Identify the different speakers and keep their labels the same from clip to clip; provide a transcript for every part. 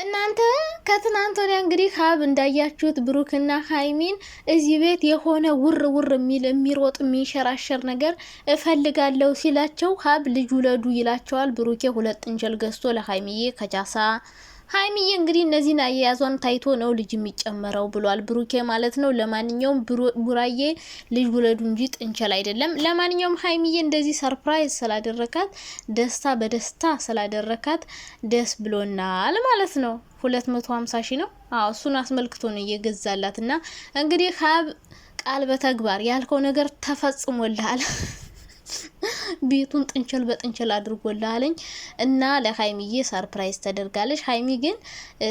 Speaker 1: እናንተ ከትናንት ወዲያ እንግዲህ ሀብ እንዳያችሁት ብሩክና ሀይሚን እዚህ ቤት የሆነ ውር ውር የሚል የሚሮጥ የሚንሸራሸር ነገር እፈልጋለሁ ሲላቸው ሀብ ልጅ ውለዱ ይላቸዋል። ብሩኬ ሁለት እንጀል ገዝቶ ለሀይሚዬ ከጃሳ ሀይሚዬ እንግዲህ እነዚህን አያያዟን ታይቶ ነው ልጅ የሚጨመረው ብሏል ብሩኬ ማለት ነው። ለማንኛውም ቡራዬ ልጅ ውለዱ እንጂ ጥንቸል አይደለም። ለማንኛውም ሀይሚዬ እንደዚህ ሰርፕራይዝ ስላደረካት ደስታ በደስታ ስላደረካት ደስ ብሎናል ማለት ነው። ሁለት መቶ ሀምሳ ሺ ነው። እሱን አስመልክቶ ነው እየገዛላት እና እንግዲህ ሀብ ቃል በተግባር ያልከው ነገር ተፈጽሞልሃል። ቤቱን ጥንቸል በጥንቸል አድርጎላለኝ እና ለሀይሚዬ ሰርፕራይዝ ተደርጋለች። ሀይሚ ግን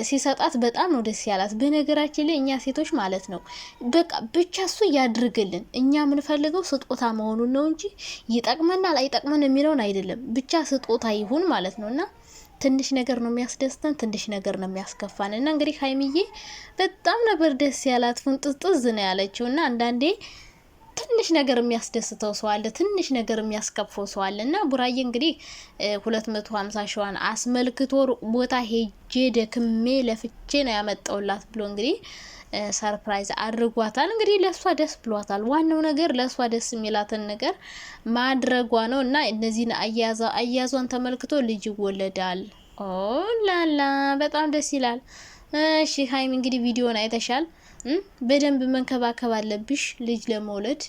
Speaker 1: ሲሰጣት በጣም ነው ደስ ያላት። በነገራችን ላይ እኛ ሴቶች ማለት ነው በቃ ብቻ እሱ ያድርግልን። እኛ የምንፈልገው ስጦታ መሆኑን ነው እንጂ ይጠቅመናል አይጠቅመን የሚለውን አይደለም። ብቻ ስጦታ ይሁን ማለት ነው እና ትንሽ ነገር ነው የሚያስደስተን፣ ትንሽ ነገር ነው የሚያስከፋን። እና እንግዲህ ሀይሚዬ በጣም ነበር ደስ ያላት። ፉንጥዝጥዝ ነው ያለችው እና አንዳንዴ ትንሽ ነገር የሚያስደስተው ሰው አለ፣ ትንሽ ነገር የሚያስከፈው ሰው አለ እና ቡራዬ እንግዲህ ሁለት መቶ ሀምሳ ሺዋን አስመልክቶ ቦታ ሄጄ ደክሜ ለፍቼ ነው ያመጣውላት ብሎ እንግዲህ ሰርፕራይዝ አድርጓታል። እንግዲህ ለእሷ ደስ ብሏታል። ዋናው ነገር ለእሷ ደስ የሚላትን ነገር ማድረጓ ነው እና እነዚህን አያዟን ተመልክቶ ልጅ ይወለዳል። ላላ በጣም ደስ ይላል። እሺ ሀይሚ እንግዲህ ቪዲዮን አይተሻል። በደንብ መንከባከብ አለብሽ ልጅ ለመውለድ።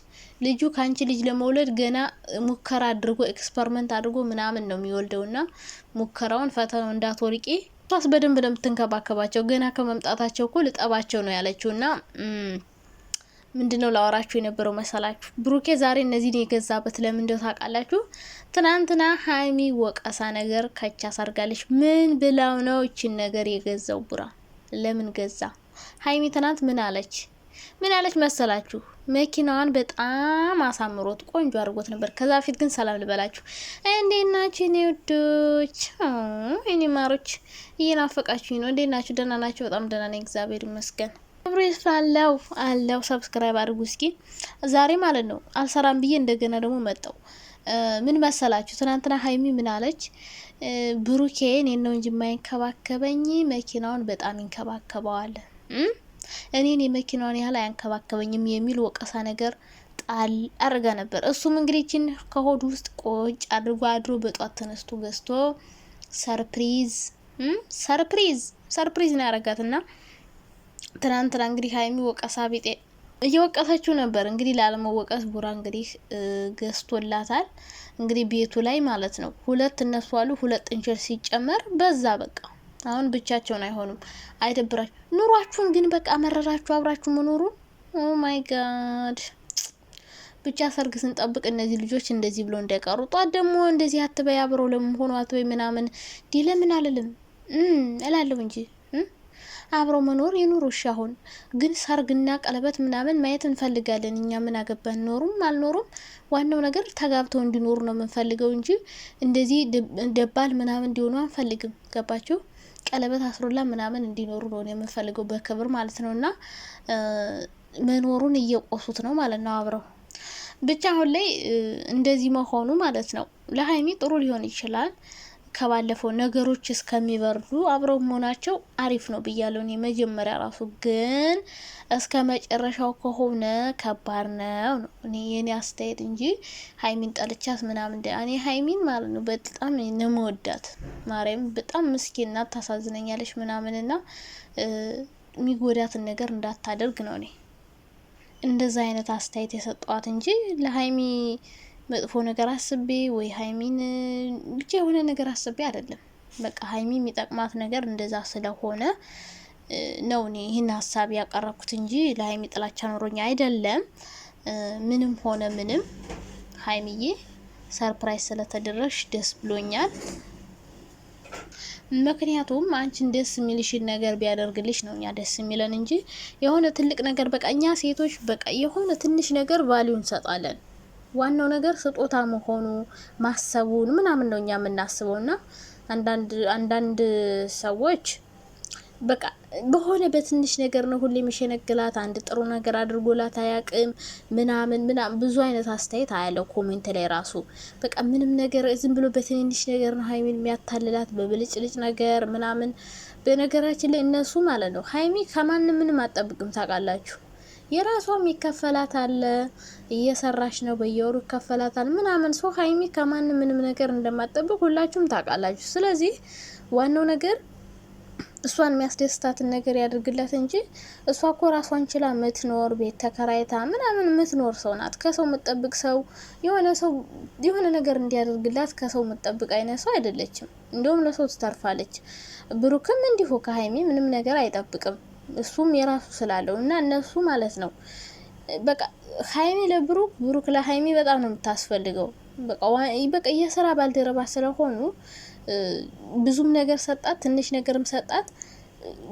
Speaker 1: ልጁ ከአንቺ ልጅ ለመውለድ ገና ሙከራ አድርጎ ኤክስፐሪመንት አድርጎ ምናምን ነው የሚወልደው እና ሙከራውን ፈተናው እንዳትወርቂ ሷስ በደንብ ነው የምትንከባከባቸው። ገና ከመምጣታቸው እኮ ልጠባቸው ነው ያለችው እና ምንድነው ላወራችሁ የነበረው መሰላችሁ? ብሩኬ ዛሬ እነዚህን የገዛበት ለምን እንደው ታውቃላችሁ? ትናንትና ሀይሚ ወቀሳ ነገር ከቻ ሳርጋለች። ምን ብላው ነው እችን ነገር የገዛው? ቡራ ለምን ገዛ? ሀይሚ ትናንት ምን አለች? ምን አለች መሰላችሁ? መኪናዋን በጣም አሳምሮት ቆንጆ አድርጎት ነበር። ከዛ በፊት ግን ሰላም ልበላችሁ፣ እንዴት ናችሁ የኔ ውዶች፣ የኔ ማሮች፣ እየናፈቃችሁኝ ነው። እንዴት ናችሁ? ደህና ናቸው? በጣም ደህና ነኝ፣ እግዚአብሔር ይመስገን። አብሮ አለው አለው። ሰብስክራይብ አድርጉ እስኪ። ዛሬ ማለት ነው አልሰራም ብዬ እንደገና ደግሞ መጣው። ምን መሰላችሁ ትናንትና ሀይሚ ምን አለች? ብሩኬን ነው እንጂ የማይንከባከበኝ መኪናውን በጣም ይንከባከበዋል እኔን የመኪናዋን ያህል አያንከባከበኝም የሚል ወቀሳ ነገር ጣል አድርጋ ነበር። እሱም እንግዲህ ከሆድ ከሆዱ ውስጥ ቆጭ አድርጎ አድሮ በጧት ተነስቶ ገዝቶ ሰርፕሪዝ ሰርፕሪዝ ሰርፕሪዝ ነው ያረጋትና ትናንትና እንግዲህ ሀይሚ ወቀሳ ቢጤ እየወቀሰችው ነበር። እንግዲህ ላለመወቀስ ቡራ እንግዲህ ገዝቶላታል። እንግዲህ ቤቱ ላይ ማለት ነው ሁለት እነሱ አሉ ሁለት እንጀር ሲጨመር በዛ በቃ አሁን ብቻቸውን አይሆኑም። አይደብራችሁ ኑሯችሁን ግን በቃ መረራችሁ አብራችሁ መኖሩ። ኦ ማይ ጋድ ብቻ ሰርግ ስንጠብቅ እነዚህ ልጆች እንደዚህ ብሎ እንዳይቀሩ። ጧት ደግሞ እንደዚህ አትበይ አብረው ለመሆኑ አትበይ ምናምን ዲ ለምን አልልም እላለሁ እንጂ አብረው መኖር የኑሮ እሺ። አሁን ግን ሰርግና ቀለበት ምናምን ማየት እንፈልጋለን እኛ ምን አገባን ኖሩም አልኖሩም። ዋናው ነገር ተጋብተው እንዲኖሩ ነው የምንፈልገው እንጂ እንደዚህ ደባል ምናምን እንዲሆኑ አንፈልግም። ገባችሁ? ቀለበት አስሮላ ምናምን እንዲኖሩ ነው የምንፈልገው በክብር ማለት ነው። እና መኖሩን እየቆሱት ነው ማለት ነው አብረው ብቻ አሁን ላይ እንደዚህ መሆኑ ማለት ነው ለሀይሚ ጥሩ ሊሆን ይችላል። ከባለፈው ነገሮች እስከሚበርዱ አብረው መሆናቸው አሪፍ ነው ብያለሁ እኔ መጀመሪያ ራሱ ግን እስከ መጨረሻው ከሆነ ከባድ ነው ነው እኔ የኔ አስተያየት እንጂ ሀይሚን ጠልቻት ምናምን እንደ እኔ ሀይሚን ማለት ነው በጣም ነው መወዳት ማርያም በጣም ምስኪና ታሳዝነኛለች ምናምን ና የሚጎዳትን ነገር እንዳታደርግ ነው እኔ እንደዛ አይነት አስተያየት የሰጠዋት እንጂ ለሀይሚ መጥፎ ነገር አስቤ ወይ ሀይሚን ብቻ የሆነ ነገር አስቤ አይደለም። በቃ ሀይሚ የሚጠቅማት ነገር እንደዛ ስለሆነ ነው እኔ ይህን ሀሳብ ያቀረብኩት እንጂ ለሀይሚ ጥላቻ ኖሮኛ አይደለም። ምንም ሆነ ምንም ሀይሚዬ ሰርፕራይዝ ስለተደረሽ ደስ ብሎኛል። ምክንያቱም አንቺን ደስ የሚልሽን ነገር ቢያደርግልሽ ነው እኛ ደስ የሚለን እንጂ የሆነ ትልቅ ነገር በቃ እኛ ሴቶች በቃ የሆነ ትንሽ ነገር ቫሊዩ እንሰጣለን። ዋናው ነገር ስጦታ መሆኑ ማሰቡን ምናምን ነው እኛ የምናስበው። እና አንዳንድ ሰዎች በቃ በሆነ በትንሽ ነገር ነው ሁሌ የሚሸነግላት አንድ ጥሩ ነገር አድርጎላት አያቅም ምናምን ምናምን ብዙ አይነት አስተያየት አያለው ኮሜንት ላይ ራሱ በቃ ምንም ነገር ዝም ብሎ በትንንሽ ነገር ነው ሀይሚን የሚያታልላት በብልጭልጭ ነገር ምናምን። በነገራችን ላይ እነሱ ማለት ነው ሀይሚ ከማንም ምንም አጠብቅም ታውቃላችሁ። የራሷም አለ እየሰራች ነው፣ በየወሩ ይከፈላታል ምናምን። ሶ ሀይሚ ከማን ምንም ነገር እንደማጠብቅ ሁላችሁም ታውቃላችሁ። ስለዚህ ዋናው ነገር እሷን የሚያስደስታትን ነገር ያድርግላት እንጂ እሷ እኮ ራሷን ችላ ምትኖር ቤት ተከራይታ ምናምን ምትኖር ሰው ናት። ከሰው ምጠብቅ ሰው የሆነ ሰው የሆነ ነገር እንዲያደርግላት ከሰው ምጠብቅ አይነት ሰው አይደለችም። እንደውም ለሰው ትተርፋለች። ብሩክም እንዲሁ ከሀይሚ ምንም ነገር አይጠብቅም። እሱም የራሱ ስላለው እና እነሱ ማለት ነው በቃ ሀይሚ ለብሩክ ብሩክ ለሀይሚ በጣም ነው የምታስፈልገው። በቃ የስራ ባልደረባ ስለሆኑ ብዙም ነገር ሰጣት፣ ትንሽ ነገርም ሰጣት።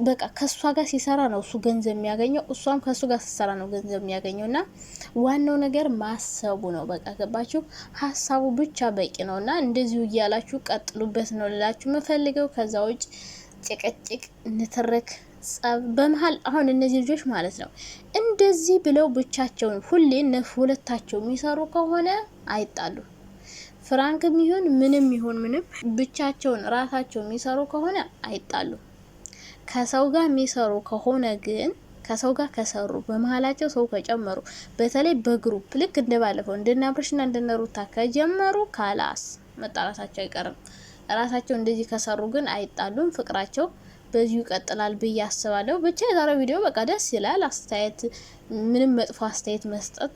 Speaker 1: በቃ ከእሷ ጋር ሲሰራ ነው እሱ ገንዘብ የሚያገኘው፣ እሷም ከእሱ ጋር ሲሰራ ነው ገንዘብ የሚያገኘው። እና ዋናው ነገር ማሰቡ ነው። በቃ ገባችሁ? ሀሳቡ ብቻ በቂ ነው። እና እንደዚሁ እያላችሁ ቀጥሉበት ነው ልላችሁ የምፈልገው። ከዛ ውጭ ጭቅጭቅ፣ ንትርክ ጸብ በመሀል አሁን እነዚህ ልጆች ማለት ነው እንደዚህ ብለው ብቻቸውን ሁሌ እነሱ ሁለታቸው የሚሰሩ ከሆነ አይጣሉ። ፍራንክ ይሁን ምንም ይሁን ምንም ብቻቸውን ራሳቸው የሚሰሩ ከሆነ አይጣሉ። ከሰው ጋር የሚሰሩ ከሆነ ግን ከሰው ጋር ከሰሩ በመሀላቸው ሰው ከጨመሩ በተለይ በግሩፕ ልክ እንደ ባለፈው እንደናብረሽና እንደነሩታ ከጀመሩ ካላስ መጣላታቸው አይቀርም። ራሳቸው እንደዚህ ከሰሩ ግን አይጣሉም። ፍቅራቸው በዚሁ ይቀጥላል ብዬ አስባለሁ። ብቻ የዛሬው ቪዲዮ በቃ ደስ ይላል። አስተያየት ምንም መጥፎ አስተያየት መስጠት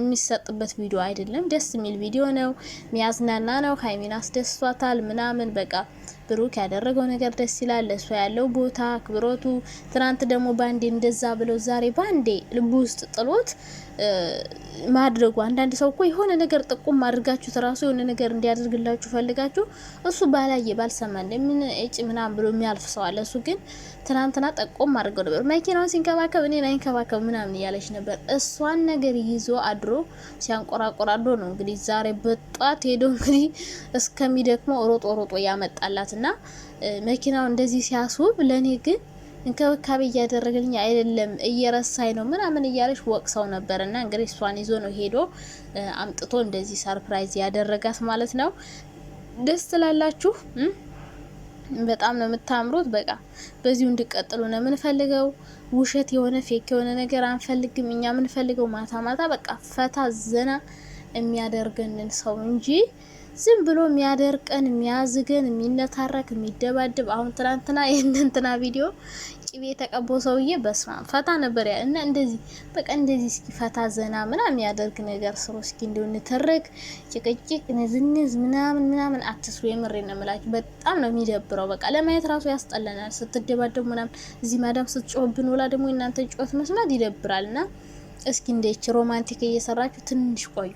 Speaker 1: የሚሰጥበት ቪዲዮ አይደለም። ደስ የሚል ቪዲዮ ነው፣ ሚያዝናና ነው። ሀይሚን አስደስቷታል ምናምን በቃ ብሩክ ያደረገው ነገር ደስ ይላል። ለእሷ ያለው ቦታ አክብሮቱ፣ ትናንት ደግሞ ባንዴ እንደዛ ብለው ዛሬ ባንዴ ልቡ ውስጥ ጥሎት ማድረጉ አንዳንድ ሰው እኮ የሆነ ነገር ጥቁም አድርጋችሁት ራሱ የሆነ ነገር እንዲያደርግላችሁ ፈልጋችሁ እሱ ባላየ ባልሰማ እንደምን እጭ ምናምን ብሎ የሚያልፍ ሰው አለ። እሱ ግን ትናንትና ጠቆም አድርገው ነበር። መኪናውን ሲንከባከብ እኔን አይንከባከብ ምናምን እያለች ነበር። እሷን ነገር ይዞ አድሮ ሲያንቆራቆር አድሮ ነው እንግዲህ ዛሬ በጧት ሄዶ እንግዲህ እስከሚደክመው ሮጦ ሮጦ እያመጣላት እና መኪናው እንደዚህ ሲያስውብ ለእኔ ግን እንክብካቤ እያደረገልኝ አይደለም እየረሳኝ ነው ምናምን እያለች ወቅሰው ነበር። እና እንግዲህ እሷን ይዞ ነው ሄዶ አምጥቶ እንደዚህ ሰርፕራይዝ ያደረጋት ማለት ነው። ደስ ትላላችሁ። በጣም ነው የምታምሩት። በቃ በዚሁ እንዲቀጥሉ ነው የምንፈልገው። ውሸት የሆነ ፌክ የሆነ ነገር አንፈልግም። እኛ የምንፈልገው ማታ ማታ በቃ ፈታ ዘና የሚያደርገንን ሰው እንጂ ዝም ብሎ የሚያደርቀን የሚያዝገን፣ የሚነታረክ፣ የሚደባደብ አሁን ትናንትና ይህን ቪዲዮ ቅቤ የተቀበው ሰውዬ በስማ ፈታ ነበር ያ እና እንደዚህ በቃ እንደዚህ እስኪ ፈታ ዘና ምናምን ያደርግ ነገር ስሩ እስኪ እንዲሁ ንትርክ፣ ጭቅጭቅ፣ ንዝንዝ ምናምን ምናምን አትስሩ። የምሬ ነው የምላችሁ። በጣም ነው የሚደብረው። በቃ ለማየት ራሱ ያስጠለናል። ስትደባደቡ ምናምን እዚህ ማዳም ስትጮህብን ውላ ደግሞ የእናንተ ጮት መስማት ይደብራል። እና እስኪ እንደች ሮማንቲክ እየሰራችሁ ትንሽ ቆዩ።